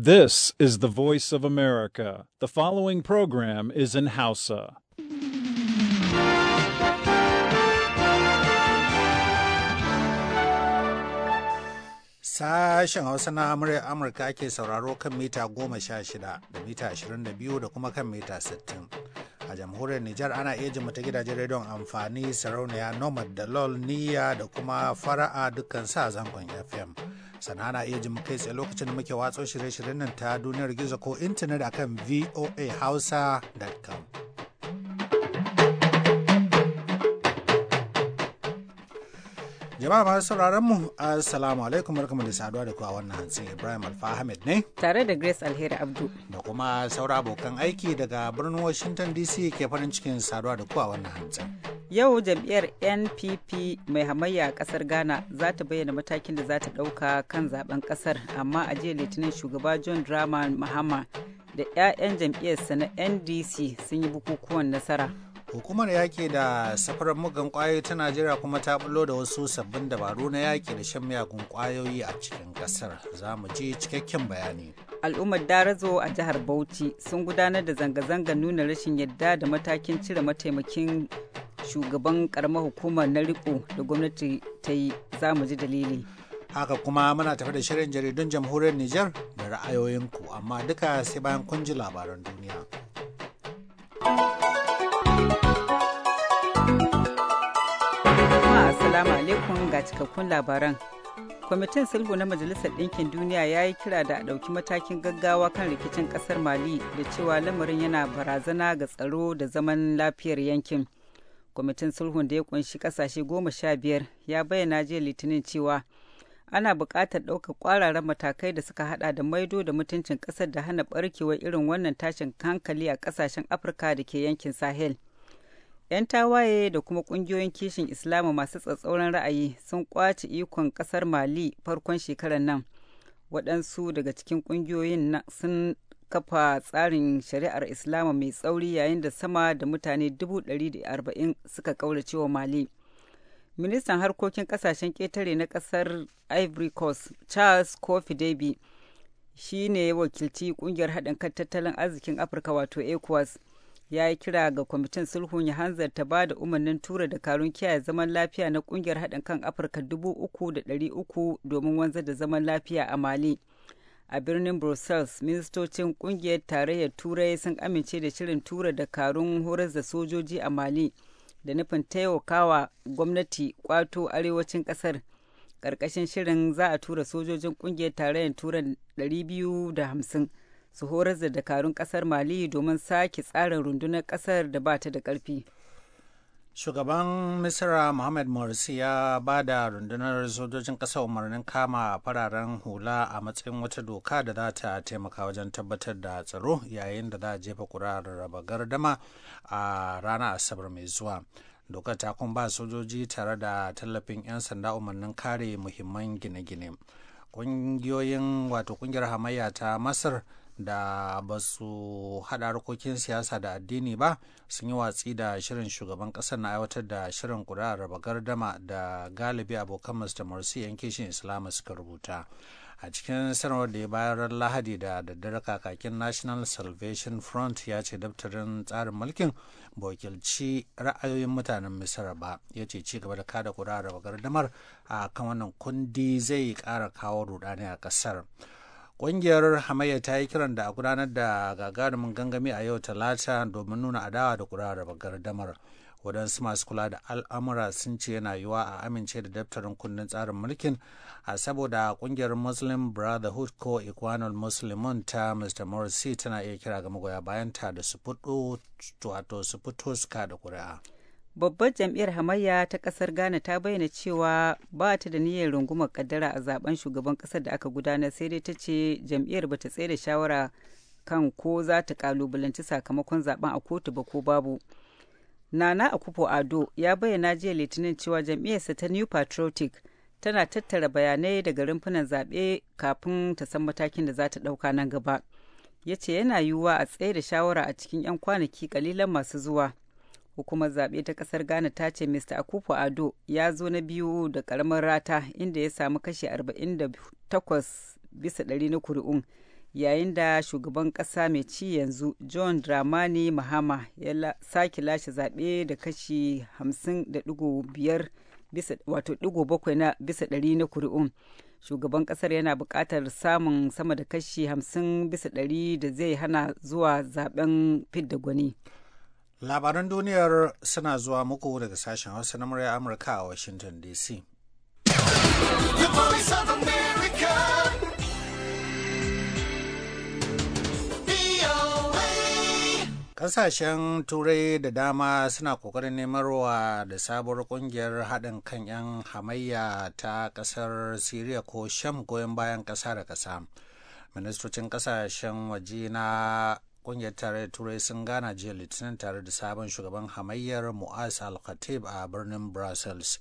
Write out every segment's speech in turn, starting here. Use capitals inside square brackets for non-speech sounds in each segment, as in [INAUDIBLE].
This is the voice of America. The following program is in Hausa. Sashen Hausa na muryar Amurka ke sauraro kan mita goma sha shida da mita ashirin da biyu da kuma kan mita sittin. a jamhuriyar Nijar ana iya ji ta gidajen rediyon amfani sarauniya nomad da lol niyya da kuma fara'a dukkan sa zangon fm sannan ana iya ji kai tsaye lokacin da muke watso shirye-shiryen nan ta duniyar gizo ko intanet akan voahausa.com Jama'a masu sauraron mu assalamu alaikum barkamu da saduwa da ku a wannan hantsin Ibrahim Alfa ne tare da Grace Alheri Abdu da kuma saura abokan aiki daga birnin Washington DC ke farin cikin saduwa da ku a wannan hantsin. Yau jam'iyyar NPP mai hamayya a kasar Ghana za ta bayyana matakin da za ta ɗauka kan zaben kasar amma a jiya Litinin shugaba John drama Mahama da 'ya'yan jam'iyyarsa na NDC sun yi bukukuwan nasara. hukumar yaƙi da safarar mugan ƙwayoyi ta najeriya kuma ta bulo da wasu sabbin dabaru na yaƙi da shan miyagun kwayoyi a cikin ƙasar za mu ji cikakken bayani al'ummar darazo a jihar bauchi sun gudanar da zanga zanga nuna rashin yadda da matakin cire mataimakin shugaban karamar hukumar na riko da gwamnati ta yi za mu ji dalili haka kuma muna tafi da shirin jaridun jamhuriyar niger da ra'ayoyinku amma duka sai bayan kun ji labaran duniya alaikum ga cikakkun labaran. Kwamitin sulhu na Majalisar Ɗinkin Duniya ya yi kira da a ɗauki matakin gaggawa kan rikicin ƙasar Mali da cewa lamarin yana barazana ga tsaro da zaman lafiyar yankin. Kwamitin sulhun da ya kunshi ƙasashe goma sha biyar ya bayyana jiya Litinin cewa ana buƙatar ɗaukar ƙwararren matakai da suka haɗa da maido da mutuncin ƙasar da hana ɓarkewar irin wannan tashin hankali a ƙasashen Afirka da ke yankin Sahel. 'yan tawaye da kuma ƙungiyoyin kishin islamu masu tsatsauran ra'ayi sun kwace ikon ƙasar mali farkon shekarar nan waɗansu daga cikin kungiyoyin sun kafa tsarin shari'ar islamu mai tsauri yayin da sama da mutane 140 suka kaurace wa mali ministan harkokin ƙasashen ƙetare na ƙasar ivory coast charles kofi davy shi ne wakilci ƙungiyar haɗin kan tattalin arzikin afirka wato ecowas ya yi kira ga kwamitin sulhun ya hanzarta ba da umarnin tura da karun kiyaye zaman lafiya na kungiyar haɗin kan afirka dubu uku da ɗari uku domin wanzar da zaman lafiya a mali a birnin brussels ministocin kungiyar tarayyar turai sun amince da shirin tura da karun horar da sojoji a mali da nufin taimakawa gwamnati kwato arewacin ƙasar ƙarƙashin shirin za a tura sojojin kungiyar tarayyar turai 250 su horar da dakarun kasar mali domin sake tsarin rundunar kasar da ba ta da karfi shugaban misra mohamed morsi ya ba da rundunar sojojin kasa umarnin kama fararen hula a matsayin wata doka da za ta taimaka wajen tabbatar da tsaro yayin da za a jefa kurarar raba gardama a ranar asabar mai zuwa dokar ta kuma ba sojoji tare da tallafin 'yan sanda umarnin kare muhimman gine-gine ƙungiyoyin wato ƙungiyar hamayya ta masar da ba su hada harkokin siyasa da addini ba sun yi watsi da shirin shugaban kasar na aiwatar da shirin ƙuri'ar raba gardama da galibi abokan mr morsi yan kishin islamu suka rubuta a cikin sanarwar da ya bayar lahadi da daddare kakakin national salvation front ya ce daftarin tsarin mulkin bokilci ra'ayoyin mutanen misira ba ya ce ci gaba da kada ƙuri'ar raba gardamar a kan wannan kundi zai kara kawo rudani a ƙasar Ƙungiyar hamayya ta yi kiran da a gudanar da gagarumin gangami a yau talata domin nuna adawa da da gardamar. waɗansu masu kula da al'amura sun ce yana yiwa a amince da daftarin kundin tsarin mulkin a saboda ƙungiyar muslim brotherhood ko ikwanul muslimun ta mr morsi tana iya kira ga magoya bayanta da su fito su da ƙuri'a. babbar jam'iyyar hamayya ta ƙasar ghana ta bayyana cewa ba ta da niyyar rungumar kaddara a zaben shugaban ƙasar da aka gudanar sai dai ta ce jam'iyyar ba ta tsaye da shawara kan ko za ta kalubalanci sakamakon zaben a kotu ba ko babu nana akufo ado ya bayyana jiya litinin cewa jam'iyyarsa ta new patriotic tana tattara bayanai daga rumfunan zaɓe kafin ta san matakin da za ta ɗauka nan gaba ya ce yana yiwuwa a tsaye da shawara a cikin 'yan kwanaki kalilan masu zuwa hukumar zaɓe ta ƙasar ghana ta ce mr akufo ado ya zo na biyu da ƙaramin rata inda ya samu kashi 48 bisa ɗari na kuri'un yayin da shugaban ƙasa mai ci yanzu john dramani mahama ya sake lashe zaɓe da kashi 50.5 digo bakwai na bisa ɗari na kuri'un shugaban ƙasar yana buƙatar samun sama da kashi 50 bisa ɗari da zai hana zuwa zaben fidda gwani Labaran duniyar suna zuwa muku daga sashen Hausa na murya Amurka a Washington DC. Kasashen Turai da dama suna ƙoƙarin nemarwa da sabuwar ƙungiyar haɗin kan 'yan hamayya ta ƙasar Siriya ko Sham goyon bayan ƙasa da ƙasa. Ministocin ƙasashen waje na Ƙungiyar tare Turai sun gana jiya Litinin tare da sabon shugaban hamayyar mu'as Al-Khatib a birnin Brussels.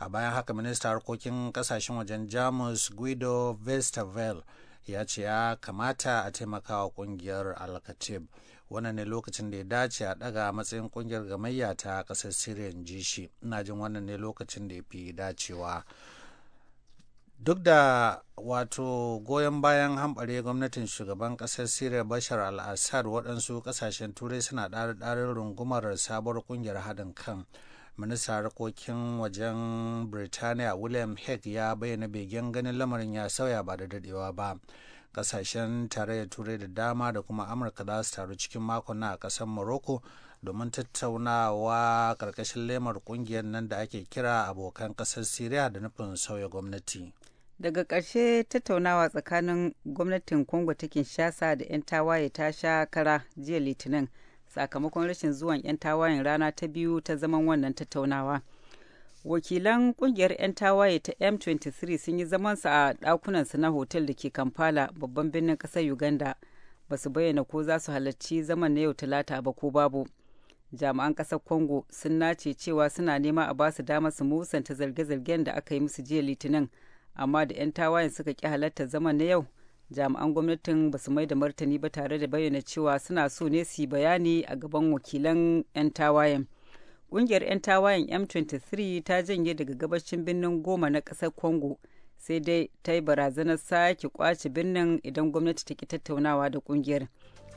A bayan haka minista harkokin kasashen wajen Jamus Guido vestavel ya ce ya kamata a taimaka wa kungiyar Al-Khatib. Wannan ne lokacin da ya dace a daga matsayin kungiyar gamayya ta kasar Syria Jishi. na Ina jin wannan ne lokacin da ya fi dacewa. duk da wato goyon bayan hambare gwamnatin shugaban kasar siriya bashar al-assad waɗansu ƙasashen turai suna ɗarin rungumar sabuwar ƙungiyar haɗin kan minista harkokin wajen birtaniya william heck ya bayyana begen ganin lamarin ya sauya ba da daɗewa ba ƙasashen tarayyar turai da dama da kuma amurka za su taru cikin makon na a ƙasar morocco domin tattaunawa ƙarƙashin lemar ƙungiyar nan da ake kira abokan ƙasar siriya da nufin sauya gwamnati daga ƙarshe tattaunawa tsakanin gwamnatin congo ta kinshasa da 'yan tawaye ta sha kara jiya litinin sakamakon rashin zuwan 'yan tawayen rana ta biyu ta zaman wannan tattaunawa wakilan kungiyar 'yan tawaye ta m23 sun yi zamansu a ɗakunansu na hotel da ke kampala babban birnin ƙasar uganda ba su bayyana ko za su halarci zaman na yau talata ba ko babu jami'an ƙasar congo sun nace cewa suna nema a basu damar su musanta zarge-zargen da aka yi musu jiya litinin amma da 'yan tawayen suka ƙi halatta zaman na yau jami'an gwamnatin ba su mai da martani ba tare da bayyana cewa suna so ne su yi bayani a gaban wakilan 'yan tawayen ƙungiyar 'yan tawayen m23 ta janye daga gabashin birnin goma na ƙasar congo sai dai ta yi barazanar sake kwace birnin idan gwamnati ta ki tattaunawa da ƙungiyar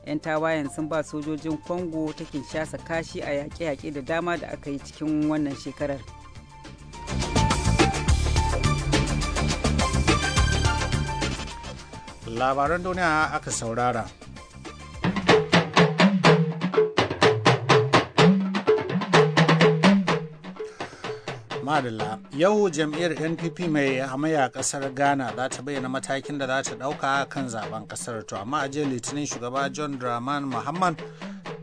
'yan tawayen sun ba sojojin congo ta kinshasa kashi a yaƙe-yaƙe da dama da aka yi cikin wannan shekarar labaran duniya aka saurara. madalla yau jam'iyyar npp mai hamaya kasar ghana za ta bayyana matakin da za ta dauka kan zaben kasar to amma a jiya litinin shugaba john draman muhammad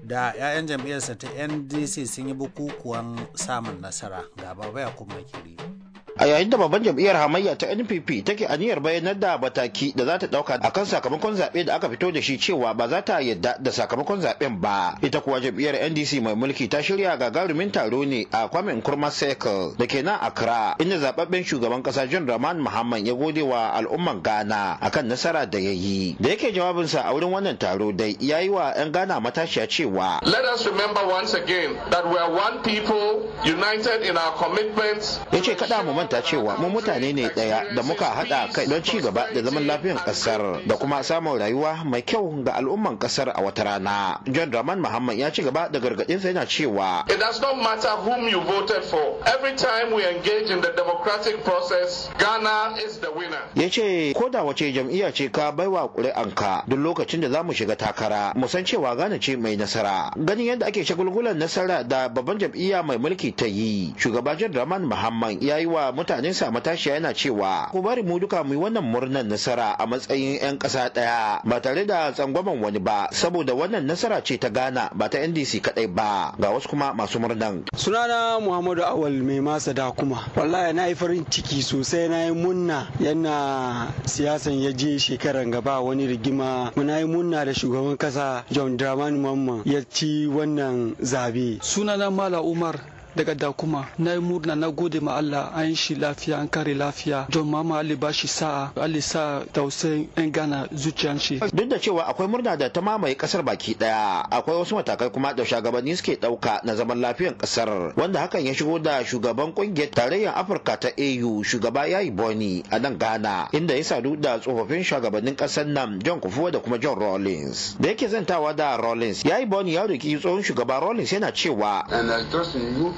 da 'ya'yan jam'iyyarsa ta ndc sun yi bukukuwan samun nasara ga baba ya kuma kiri a yayin da babban jam'iyyar hamayya ta npp take aniyar bayanar da bataki da za ta dauka kan sakamakon zaɓe da aka fito da shi cewa ba za ta yadda da sakamakon zaɓen ba ita kuwa jam'iyyar ndc mai mulki ta shirya gagarumin taro ne a kwame nkrumah circle da ke nan accra inda zababben shugaban kasa john rahman muhammad ya gode wa al'umman ghana akan nasara da ya yi da yake jawabinsa a wurin wannan taro dai ya yi wa 'yan ghana matashiya cewa let us remember once again that we are one people united in our commitments ya ce kada mu manta cewa mu mutane ne ɗaya da muka haɗa kai don ci gaba da zaman lafiyar ƙasar da kuma samun rayuwa mai kyau ga al'umman ƙasar a wata rana. John Draman Muhammad ya ci gaba da sa yana cewa. It does not matter whom you voted for. Every time we engage in the democratic process, Ghana is the winner. Ya ce ko da wace jam'iyya ce ka baiwa ƙuri'anka duk lokacin da zamu shiga takara mu san cewa Ghana ce mai nasara. Ganin yadda ake shagulgulan nasara da babban jam'iyya mai mulki ta yi. Shugaba John Draman Muhammad ya yi wa mutanen sa matashiya yana cewa ku bari mu duka mu yi wannan murnan nasara a matsayin 'yan ƙasa ɗaya ba tare da tsangwaman wani ba saboda wannan nasara ce ta Ghana ba ta NDC kaɗai ba ga wasu kuma masu murnan. Sunana Muhammadu Awal mai masa da kuma wallahi na yi farin ciki sosai na yi munna yana siyasan ya je shekaran gaba wani rigima muna yi munna da shugaban kasa John Dramani Mamman ya ci wannan zabe. Sunana Mala Umar daga Dakuma. Na yi murna na gode ma Allah an shi lafiya an kare lafiya. John Mama Ali ba shi sa'a Ali sa tausayin 'yan Ghana zuciyan shi. Duk da cewa akwai murna da ta mamaye kasar baki daya akwai wasu matakai kuma da shugabanni suke dauka na zaman lafiyan kasar wanda hakan ya shigo da shugaban kungiyar tarayyar Afirka ta AU shugaba Yayi Boni a nan Ghana inda ya sadu da tsofaffin shugabannin kasar nan John Kufuwa da kuma John Rawlings. Da yake zantawa da Rawlings Yayi Boni ya roki tsohon shugaba Rawlings yana cewa and I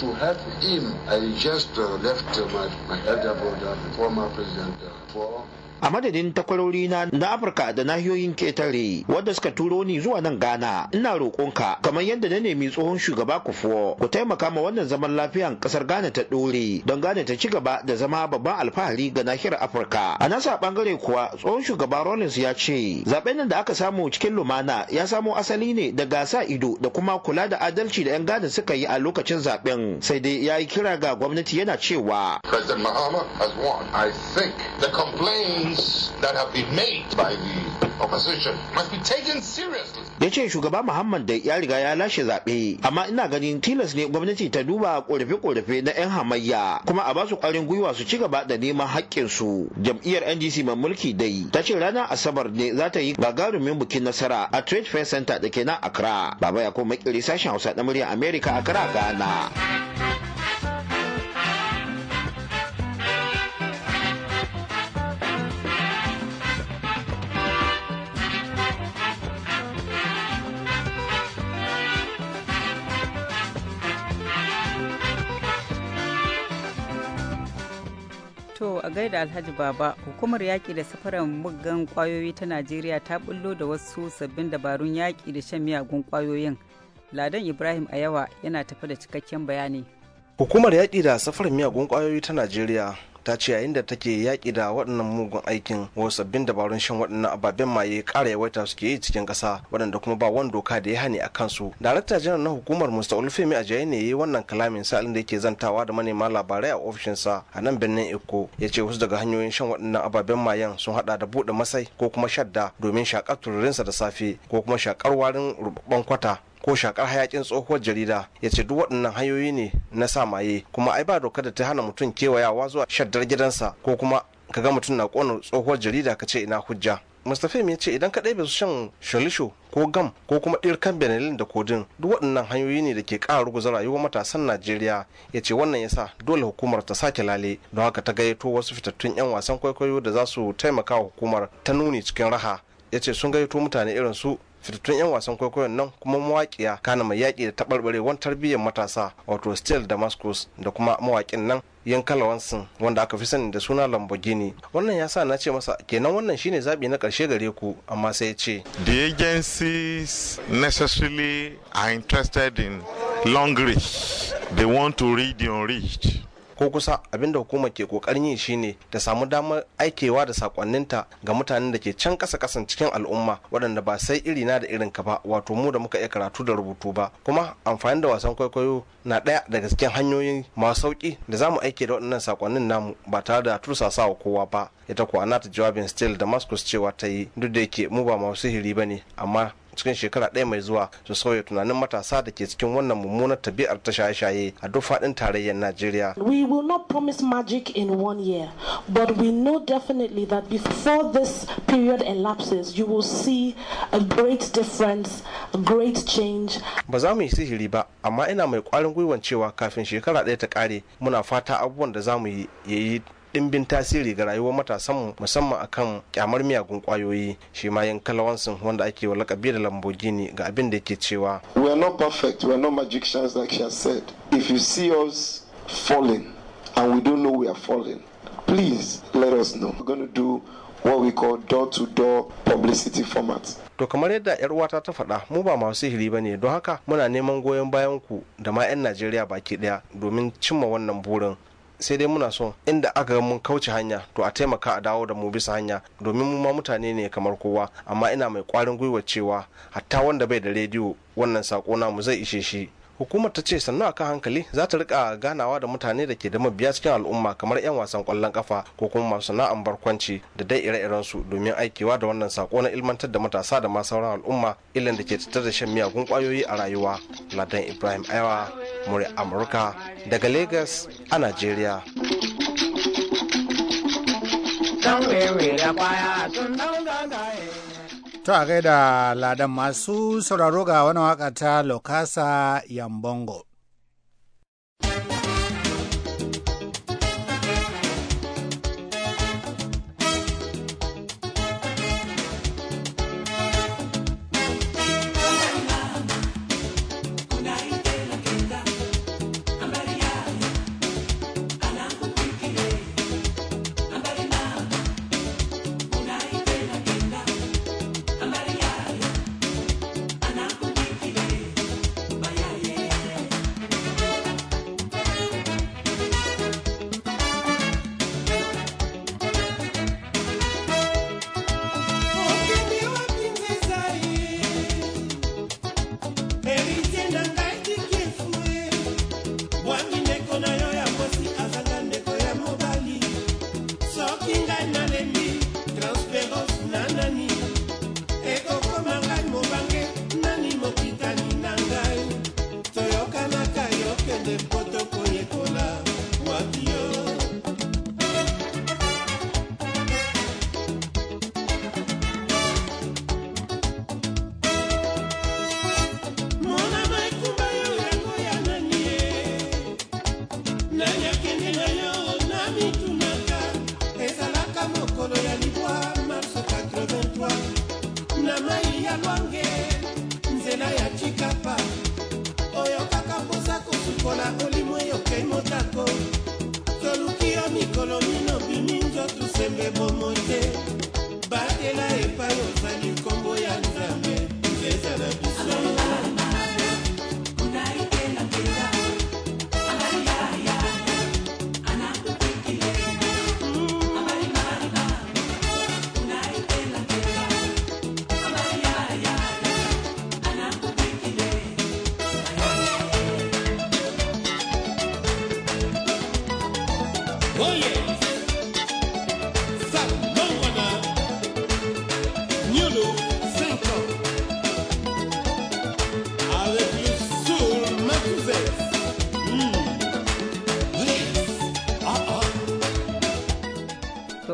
to help him. I just uh, left uh, my, my elder brother, former president, uh, for a madadin takwarori na na afirka da nahiyoyin ketare wadda suka turo ni zuwa nan ghana ina roƙonka kamar yadda na nemi tsohon shugaba ku fuwa, ku taimaka ma wannan zaman lafiyan ƙasar ghana ta ɗore don ghana ta ci gaba da zama babban alfahari ga nahiyar afirka a nasa ɓangare kuwa tsohon shugaba rollins ya ce zaɓen nan da aka samu cikin lumana ya samo asali ne da gasa ido da kuma kula da adalci da 'yan ghana suka yi a lokacin zaɓen sai dai ya yi kira ga gwamnati yana cewa President Mahama has won. I think the complaint decisions that have been made by the opposition must be taken seriously. Ya ce shugaba Muhammad da ya riga ya lashe zaɓe, amma ina ganin tilas ne gwamnati ta duba korafe korafe na 'yan hamayya kuma a basu ƙwarin gwiwa su ci gaba da neman haƙƙinsu. Jam'iyyar NDC mai mulki dai ta ce ranar Asabar ne za ta yi gagarumin bikin nasara a Trade Fair Center da ke nan Accra. Baba ya kuma makiri sashen Hausa na murya Amerika Accra Ghana. To a gaida Alhaji Baba, hukumar yaƙi da safaran muggan ƙwayoyi ta Najeriya ta bullo da wasu sabbin dabarun yaƙi da shan miyagun kwayoyin Ladan Ibrahim Ayawa yana tafi da cikakken bayani. Hukumar yaƙi da safaran miyagun kwayoyi ta Najeriya ta ce yayin da take yaƙi da waɗannan mugun aikin wasu sabbin dabarun shan waɗannan ababen maye ƙara yawaita suke yi cikin ƙasa waɗanda kuma ba wani doka da ya hani a kansu darakta janar na hukumar musta olufemi ajayi ne ya yi wannan kalamin sa'alin da yake zantawa da manema labarai a ofishinsa a nan birnin eko ya ce wasu daga hanyoyin shan waɗannan ababen mayen sun haɗa da buɗe masai ko kuma shadda domin shakar tururinsa da safe ko kuma shakar warin rubabban kwata ko shakar hayakin tsohuwar jarida ya ce duk waɗannan hanyoyi ne na sa maye kuma ai ba doka da ta hana mutum kewayawa zuwa shaddar gidansa ko kuma ka ga mutum na ƙona tsohuwar jarida ka ce ina hujja mustafa ya ce idan ka ɗebe su shan shalisho ko gam ko kuma ɗirkan benelin da kodin duk waɗannan hanyoyi ne da ke ƙara ruguza rayuwar matasan najeriya ya ce wannan sa dole hukumar ta sake lale don haka ta gayyato wasu fitattun 'yan wasan kwaikwayo da za su taimaka wa hukumar ta nuni cikin raha ya ce sun gayyato mutane irin su fitattun 'yan wasan kwaikwayon nan kuma mawaƙiya kana mai yaƙi da taɓarɓarewar tarbiyyar matasa wato steel damascus da kuma mawaƙin nan yan kalawansin wanda aka fi sani da suna lamborghini wannan ya sa na ce masa kenan wannan shine zaɓi na ƙarshe gare ku amma sai ya ce the agencies necessarily are interested in long reach they want to read the unreached ko kusa abinda hukumar ke kokarin yi shine ta samu damar aikewa da sakonninta ga mutanen da ke can kasa kasan cikin al'umma waɗanda ba sai iri na da irin ka ba wato mu da muka iya karatu da rubutu ba kuma amfani da wasan kwaikwayo na ɗaya daga cikin hanyoyin masu sauki da za mu aike da waɗannan sakonnin namu ba tare da wa kowa ba ita kuwa ta jawabin steel damascus cewa ta yi duk da yake mu ba masu sihiri ba ne amma cikin shekara ɗaya mai zuwa su sauya tunanin matasa da ke cikin wannan mummunar tabi'ar ta shaye-shaye a duk faɗin tarayyar Najeriya. We will not promise magic in one year, but we know definitely that before this period elapses, you will see a great difference, a great change. Ba za mu yi sihiri ba, amma ina mai ƙwarin gwiwan cewa kafin shekara ɗaya ta ƙare muna fata abubuwan da za mu yi ɗimbin tasiri ga rayuwar matasanmu musamman akan kyamar miyagun kwayoyi shi ma yan kalawansu wanda ake wa lakabi da lambogini ga abin da yake cewa we are not perfect we are not magicians like she has said if you see us falling and we don't know we are falling please let us know we're going to do what we call door-to-door publicity format. To kamar yadda 'yar uwata ta faɗa mu ba masu sihiri ba ne don haka muna neman goyon bayan ku da ma 'yan Najeriya baki ɗaya domin cimma wannan burin sai dai muna so inda aka ga mun kauce hanya to a taimaka a dawo da mu bisa hanya domin mu ma mutane ne kamar kowa amma ina mai kwarin gwiwa cewa hatta wanda bai da rediyo wannan sako namu zai ishe shi hukumar ta ce sannu a kan hankali za ta rika ganawa da mutane da ke da mabiya cikin al'umma kamar 'yan wasan kwallon kafa ko kuma masu sana'an barkwanci da dai ire-iren su domin aikewa da wannan sako na ilmantar da matasa da ma sauran al'umma ilan da ke tattar da shan miyagun kwayoyi a rayuwa ladan ibrahim aiwa muri amurka daga lagos a nigeria To a gaida ladan masu sauraro ga wani waka ta Lokasa Yambongo. Mm. Ah, ah.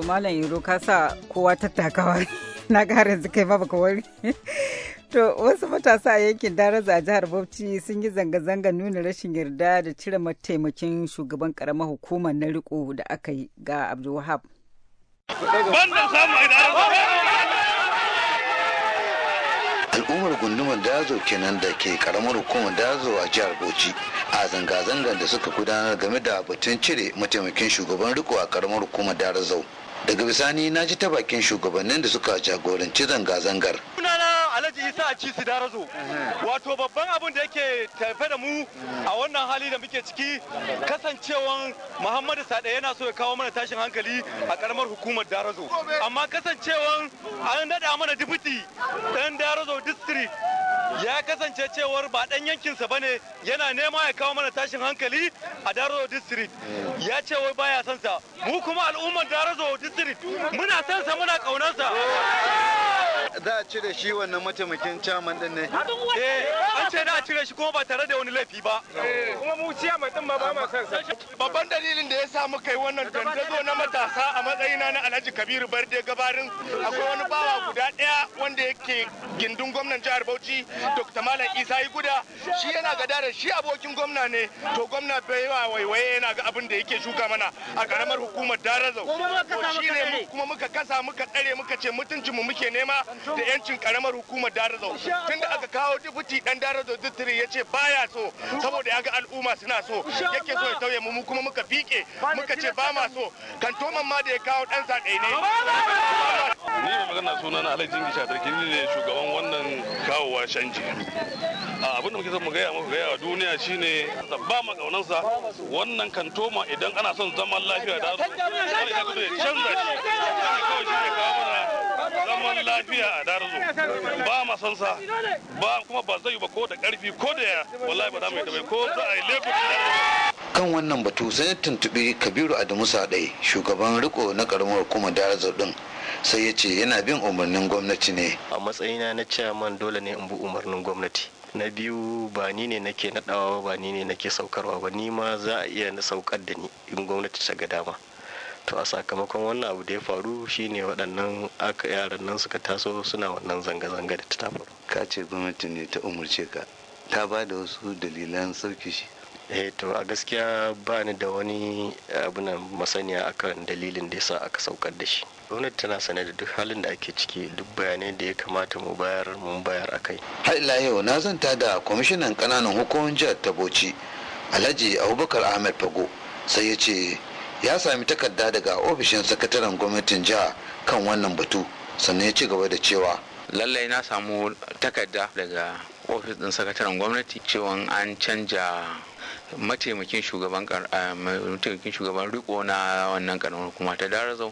malam yaro ka sa kowa tattakawa [LAUGHS] na ƙara yanzu kai ba baka wari [LAUGHS] To wasu matasa a yankin Daraza a jihar Bauchi sun yi zanga-zanga nuna rashin yarda da cire mataimakin shugaban karamar hukumar na riko da aka yi ga Abdulwahab. al'ummar gundumar dazo kenan da ke karamar hukumar dazo a jihar bauchi a zanga-zangar da suka gudanar game da batun cire mataimakin shugaban riko a karamar hukuma darazau daga bisani na ji ta bakin shugabannin da suka jagoranci zanga-zangar alhaji isa a cisi darazo wato babban abin da yake tafe da mu a wannan hali da muke ciki kasancewan muhammadu sade yana so ya kawo mana tashin hankali a karamar hukumar darazo amma kasancewan an daɗa mana dibuti ɗan darazo district ya kasance cewar ba dan yankinsa bane yana nema ya kawo mana tashin hankali a Darazo district ya ce wai baya son sa mu kuma al'ummar Darazo district muna son sa muna kaunar sa za a cire shi wannan mataimakin chairman din ne eh an ce za a cire shi kuma ba tare da wani laifi ba eh, kuma mu mai din ma ba ma son sa babban dalilin da ya sa muka yi wannan dandazo na matasa a matsayina na Alhaji Kabiru Barde gabarin akwai wani bawa guda daya wanda yake gindin gwamnan jihar Bauchi dr malam isa yi guda shi yana ga shi abokin gwamna ne to gwamna bai wa waiwaye yana ga abin da yake shuka mana a karamar hukumar darazo to shi ne kuma muka kasa muka tsare muka ce mutuncinmu muke nema da yancin karamar hukumar darazo tunda aka kawo dubuti dan darazo dutri ya ce baya so saboda ya ga al'umma suna so yake so ya tauye mu kuma muka fike muka ce ba ma so kantoman ma da ya kawo dan sa ne ni magana sunana alhaji gisha da ne shugaban wannan kawowa canji abinda abinda muke zama mu gaya muku gaya wa duniya shine ba ma wannan kantoma idan ana son zaman lafiya da su canza shi kawai shi ne kawo mana zaman lafiya a darzo ba ma san sa ba kuma ba zai ba ko da karfi ko da wallahi ba za mu yi ko za a yi laifin kan wannan batu sai tuntubi kabiru adamu sadai shugaban riko na karamar hukumar darzo din sai ya ce yana bin umarnin gwamnati ne a matsayina na chairman dole ne in bi umarnin gwamnati na biyu ba ni ne nake nadawa ba ni ne nake saukarwa ba ni ma za a iya na saukar da ni in gwamnati ta ga dama to a sakamakon wannan abu da ya faru shine waɗannan aka yaran nan suka taso suna wannan zanga-zanga da ta faru ka ce gwamnati ne ta umarce ka ta ba da wasu dalilan sauki shi eh to a gaskiya ba ni da wani na masaniya akan dalilin da yasa aka saukar da shi gwamnati tana sane da duk halin da ake ciki duk bayanai da ya kamata mu bayar mun bayar a kai har ila yau na zanta da kwamishinan kananan hukumar jihar ta bauchi alhaji abubakar ahmed fago sai ya ce ya sami takarda daga ofishin sakataren gwamnatin jiha kan wannan batu sannan ya ci gaba da cewa lallai na samu takarda daga ofis din sakataren gwamnati cewa an canja mataimakin shugaban eh, mataimakin shugaban riko na wannan karamar kuma ta darazau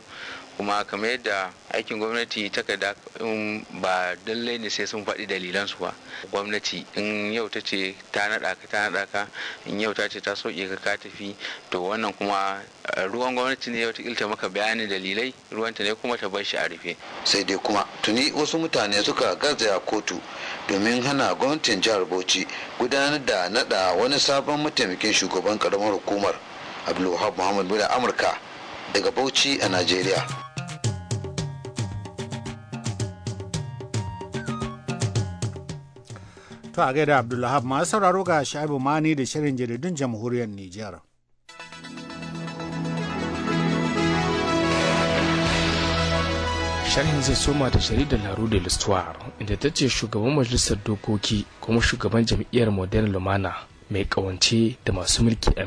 kuma kamar yadda aikin gwamnati takarda in ba lallai ne sai sun faɗi dalilansu su ba gwamnati in yau ta ce ta naɗa ka ta naɗa ka in yau ta ce ta soke ka ka tafi to wannan kuma eh, ruwan gwamnati ne yau ta ilta maka bayanin dalilai ruwanta ne kuma ta bar shi a rufe sai dai kuma tuni wasu mutane suka garzaya kotu domin hana gwamnatin jihar bauchi gudanar da naɗa wani sabon mataimakin shugaban karamar hukumar abdulwahab muhammad bula amurka daga Bauchi a Najeriya. To a gaida Abdullahab masu sauraro ga Sha'ibu Mani da shirin jaridun jamhuriyar Nijar. sharhin zai soma da jaridar Laro da Listuwar inda ta ce shugaban majalisar dokoki kuma shugaban jam'iyyar Modern Lumana mai kawance da masu mulki a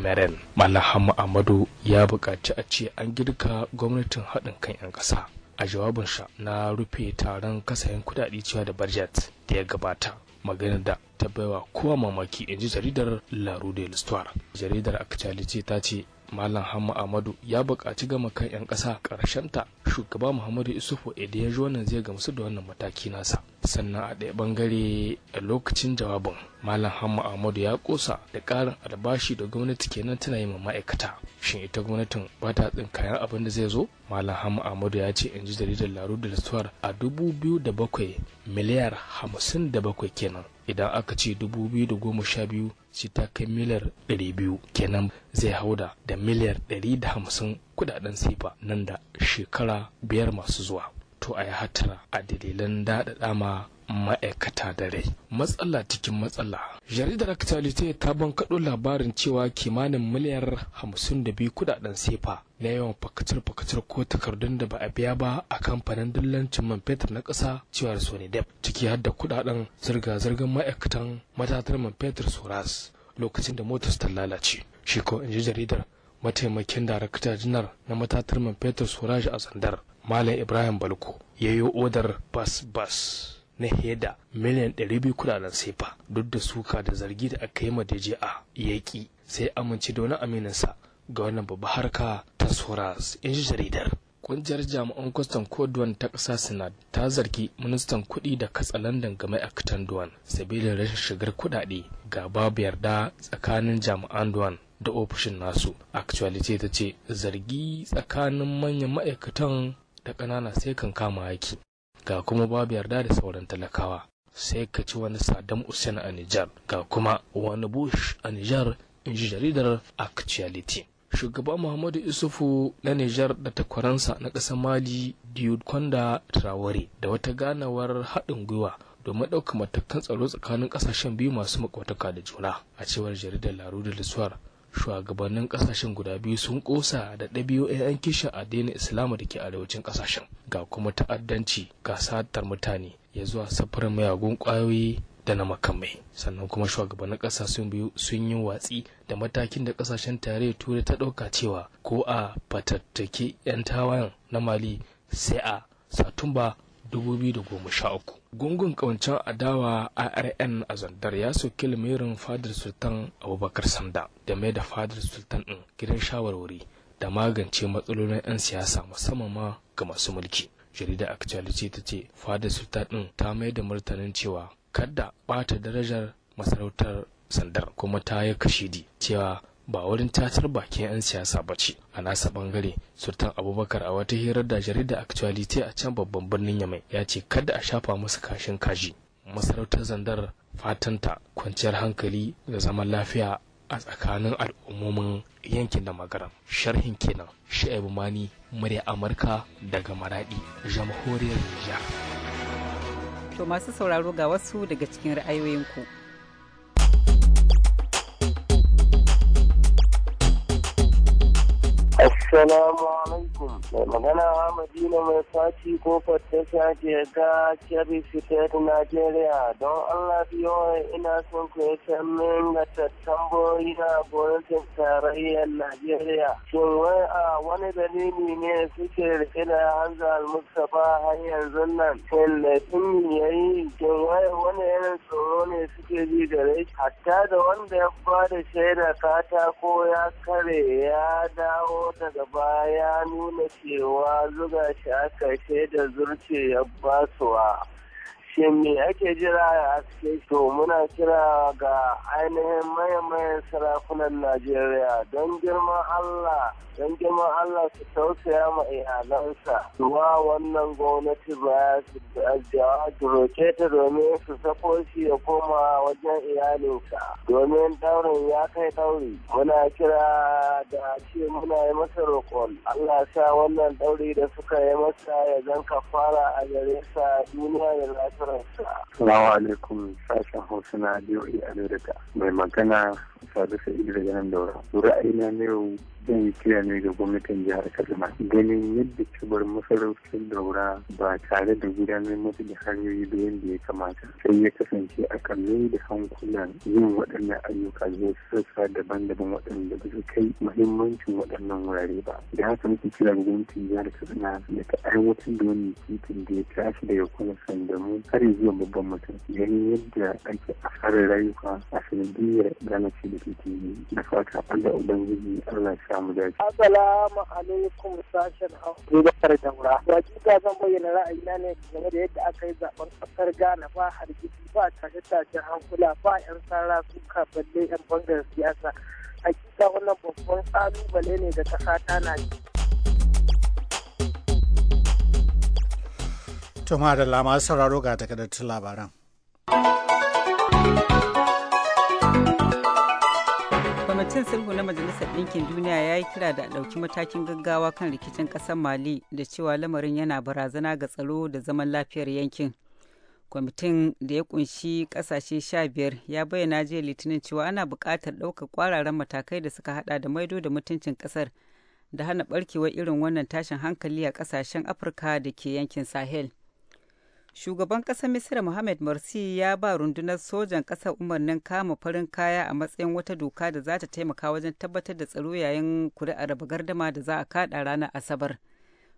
mala hama Amadu ya buƙaci a ce an girka gwamnatin haɗin kan 'yan ƙasa. A jawabin sha, na rufe taron kasayen kuɗaɗe cewa da budget da ya gabata. maganar da ta baiwa kowa mamaki in ji jaridar La Rue de l'Histoire. Jaridar ce ta ce Malam Hamma Amadu ya bukaci gama kan 'yan ƙasa ta shugaba Muhammadu Isufu idan ya wannan zai gamsu da wannan mataki nasa. Sannan a ɗaya bangare a lokacin jawabin Malam Hamma Amadu ya ƙosa da ƙarin albashi da gwamnati kenan tana yi ma'aikata. Shin ita gwamnatin ba ta tsin kayan abin da zai zo? Malam Hamma Amadu ya ce in ji jaridar Laru da a dubu biyu da bakwai miliyar hamsin da bakwai kenan. idan aka ce 2012 shi ta kai miliyar 200 kenan zai hau da miliyar 150 kudaden sifa nan da shekara biyar masu zuwa to a yi hatara a dalilan daɗaɗa ma ma'aikata da rai matsala cikin matsala jaridar actuality ta bankaɗo labarin cewa kimanin miliyar 52 kudaden sefa na yawan fakatar-fakatar ko takardun da ba a biya ba a kamfanin dillancin man fetur na ƙasa cewa sony dep ciki har da kudaden zirga-zirgar ma'aikatan matatar man fetur soras lokacin da motar ta lalace shi ko in ji jaridar mataimakin darakta janar na matatar man fetur suraj a sandar malam ibrahim balko ya yi odar bas bas na fiye da miliyan 200 kudaden sefa duk da suka da zargi da aka yi ma da a yaƙi sai amince da wani amininsa ga wannan babbar harka ta Soras in jaridar. Kungiyar jami'an kwastan koduwan ta ƙasa Sinad ta zargi ministan kuɗi da katsalandan game a kitan duwan sabilin rashin shigar kuɗaɗe ga babu yarda tsakanin jami'an duwan da ofishin nasu. Actuality ta ce zargi tsakanin manyan ma'aikatan da ƙanana sai kan kama aiki ga kuma babu yarda da sauran talakawa sai ka ci wani Saddam Hussein a Nijar ga kuma wani Bush a Nijar in ji jaridar Actuality. Shugaba Muhammadu Isufu na Nijar da takwaransa na ƙasar Mali Diodkonda Traore da wata ganawar haɗin gwiwa domin ɗaukar matakan tsaro tsakanin ƙasashen biyu masu makwataka da juna a cewar jaridar Laru da Lissuwar shugabannin kasashen guda biyu sun kosa da ɗabi'u 'yan kishin addinin islamu da ke arewacin kasashen ga kuma ta'addanci ga satar mutane ya zuwa safarin mayagun kwayoyi da na makamai sannan kuma shugabannin kasashen biyu sun yi watsi da matakin da kasashen tare turai ta ɗauka cewa ko a fatattake 'yan tawayen na mali sai a satumba 2013 gungun ƙawancen adawa irn a zandar ya soki lamirin fadar sultan abubakar sanda da mai da fadar sultan ɗin gidan shawarwari da magance matsalolin 'yan siyasa musamman ma ga masu mulki jarida actuality ta ce fadar sultan ɗin ta mai da martanin cewa kada ɓata darajar masarautar sandar kuma ta yi kashidi cewa ba wurin tatar bakin 'yan siyasa ba ce a nasa bangare sultan abubakar a wata hirar da jarida actuality a can babban birnin yamai ya ce kada a shafa musu kashin kaji masarautar zandar fatanta kwanciyar hankali da zaman lafiya a tsakanin al'ummomin yankin da magaram sharhin kenan sha'ibu mani murya amurka daga maradi jamhuriyar niger to masu sauraro ga wasu daga cikin ra'ayoyinku السلام عليكم alaikum. Mai magana Hamadina mai fati ko fatta ke ga Kebbi fitar Nigeria don Allah biyo ina son ku yi min ga tattambori na gwamnatin tarayyar Najeriya. Shin wai a wani dalili ne suke rike da hanzu mustapha har yanzu nan? Shin laifin ya yi shin wai wani irin tsoro ne suke ji da shi? Hatta da wanda ya bada shaida katako ya kare ya dawo daga baya ni nuna cewa zuga shi aka shaida zurce ya basuwa. shi me ake jira a aske to muna kira ga ainihin mayan sarakunan najeriya don girman allah don girman allah su tausaya ma iyalansa zuwa wannan gwamnati ba su roke ta domin su sako shi ya koma wajen iyalinsa domin daurin ya kai dauri muna kira da ce muna yi masa roƙon allah sa wannan dauri da suka yi masa ya zan fara a gare sa duniya da lafiya Salamu alaikum sashen Hausa na DOA Amerika. Mai magana Sadu Sa'idu daga nan daura. Ra'ayi na yau zan yi kira ne ga gwamnatin jihar kaduna ganin yadda cibar masarautar daura ba tare da gudanar mata da hanyoyi da yadda ya kamata sai ya kasance a kallon da hankulan yin waɗannan ayyuka zai sassa daban-daban waɗanda ba su kai muhimmancin waɗannan wurare ba da haka muke kira ga gwamnatin jihar kaduna da ta aiwatar da wani titin da ya tashi daga kuma sandamu har zuwa babban mutum ganin yadda ake asarar rayuka a sanadiyar gana ce da titin da fata allah ubangiji allah samu dace. Assalamu alaikum sashen Abubakar Daura. Hakika zan bayyana ra'ayina ne game da yadda aka yi zaben kasar Ghana ba hargitsi ba tashe-tashen hankula ba 'yan sara suka balle 'yan bangar siyasa. Hakika wannan babban kalubale ne da kasa ta na To ma da lama sauraro ga takardar labaran. kwamitin sulhu na majalisar ɗinkin duniya ya yi kira da a ɗauki matakin gaggawa kan rikicin ƙasar mali da cewa lamarin yana barazana ga tsaro da zaman lafiyar yankin kwamitin da ya kunshi ƙasashe sha biyar ya bayyana jiya litinin cewa ana buƙatar ɗaukar ƙwararren matakai da suka haɗa da maido da mutuncin ƙasar da hana ɓarkewar irin wannan tashin hankali a ƙasashen afirka da ke yankin sahel shugaban ƙasar misira mohamed morsi ya ba rundunar sojan ƙasar umarnin kama farin kaya a matsayin wata doka da za ta taimaka wajen tabbatar da tsaro yayin kuri'ar raba gardama da za a kaɗa ranar asabar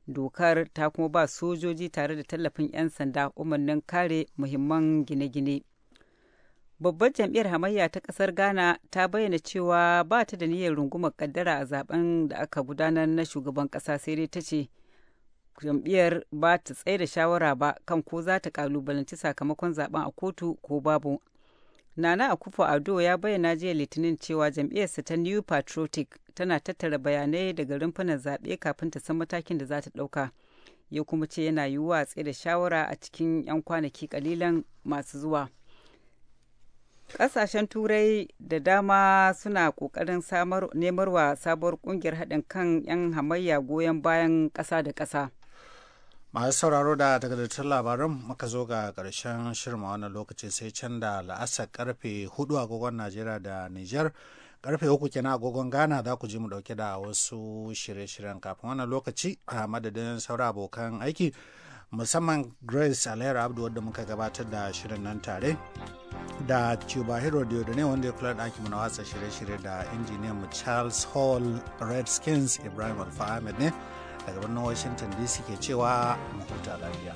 dokar ta kuma ba sojoji tare da tallafin 'yan sanda umarnin kare muhimman gine-gine babbar jam'iyyar hamayya ta kasar ghana ta bayyana cewa ba ta da niyyar rungumar kaddara a zaben da aka gudanar na shugaban kasa sai dai ta ce jam'iyyar ba ta tsaye da shawara ba kan ko za ta kalubalanci sakamakon zaben a kotu ko babu nana akufo ado ya bayyana jiya litinin cewa jam'iyyarsa ta new patriotic tana tattara bayanai daga rumfunan zaɓe kafin ta san matakin da za ta ɗauka ya kuma ce yana yiwuwa tsaye da shawara a cikin 'yan kwanaki kalilan masu zuwa Ƙasashen Turai da dama suna ƙoƙarin nemarwa sabuwar ƙungiyar haɗin kan 'yan hamayya goyon bayan ƙasa da ƙasa. masu sauraro da takardattun labaran muka zo ga ƙarshen shirma wannan lokaci sai can da la'asar karfe 4 agogon najeriya da niger karfe 3 kenan agogon ghana za ku ji mu dauke da wasu shirye-shiryen kafin wannan lokaci a madadin saura abokan aiki musamman grace alayar abdu wadda muka gabatar da shirin nan tare da cuba hero ne wanda ya kula da ɗakin na watsa shirye-shirye da injiniyan mu charles hall redskins ibrahim alfa ahmed ne daga birnin washington dc ke cewa mu huta lafiya.